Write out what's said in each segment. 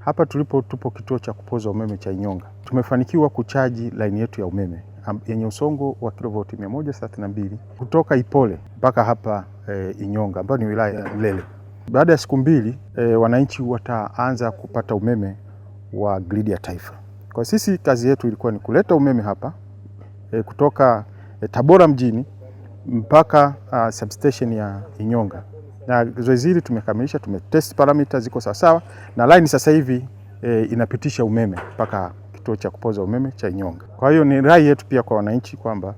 Hapa tulipo tupo kituo cha kupoza umeme cha Inyonga. Tumefanikiwa kuchaji laini yetu ya umeme yenye usongo wa kilovoti 132 kutoka Ipole mpaka hapa e, Inyonga ambayo ni wilaya ya Mlele. Baada ya siku mbili e, wananchi wataanza kupata umeme wa gridi ya taifa. Kwa sisi kazi yetu ilikuwa ni kuleta umeme hapa e, kutoka e, Tabora mjini mpaka a, ah, substation ya Inyonga na zoezi hili tumekamilisha, tumetest parameters ziko sawasawa, na line sasa hivi e, inapitisha umeme mpaka kituo cha kupoza umeme cha Inyonga. Kwa hiyo ni rai yetu pia kwa wananchi kwamba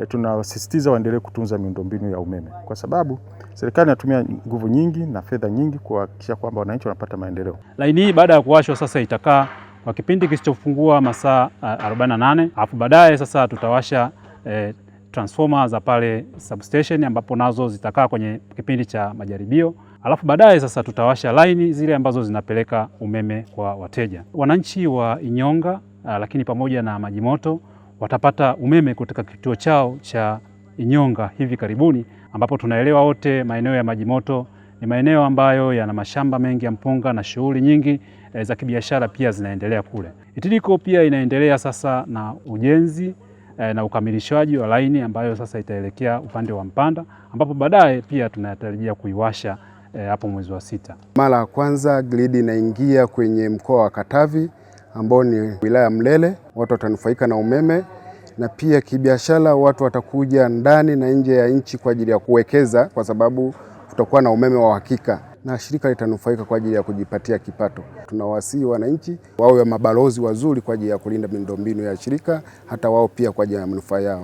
e, tunawasisitiza waendelee kutunza miundombinu ya umeme kwa sababu serikali inatumia nguvu nyingi na fedha nyingi kuhakikisha kwamba wananchi wanapata maendeleo. Laini hii baada ya kuwashwa sasa itakaa kwa kipindi kisichopungua masaa 48, eh, alafu baadaye sasa tutawasha e, transformer za pale substation ambapo nazo zitakaa kwenye kipindi cha majaribio, alafu baadaye sasa tutawasha laini zile ambazo zinapeleka umeme kwa wateja. Wananchi wa Inyonga ah, lakini pamoja na Majimoto watapata umeme kutoka kituo chao cha Inyonga hivi karibuni, ambapo tunaelewa wote maeneo ya Majimoto ni maeneo ambayo yana mashamba mengi ya mpunga na shughuli nyingi e, za kibiashara pia zinaendelea kule. itidiko pia inaendelea sasa na ujenzi e, na ukamilishaji wa laini ambayo sasa itaelekea upande wa Mpanda ambapo baadaye pia tunatarajia kuiwasha eh, hapo e, mwezi wa sita. Mara ya kwanza gridi inaingia kwenye mkoa wa Katavi ambao ni wilaya Mlele, watu watanufaika na umeme na pia kibiashara, watu watakuja ndani na nje ya nchi kwa ajili ya kuwekeza, kwa sababu kutakuwa na umeme wa uhakika na shirika litanufaika kwa ajili ya kujipatia kipato. Tunawasihi wananchi wawe mabalozi wazuri kwa ajili ya kulinda miundombinu ya shirika, hata wao pia kwa ajili ya manufaa yao.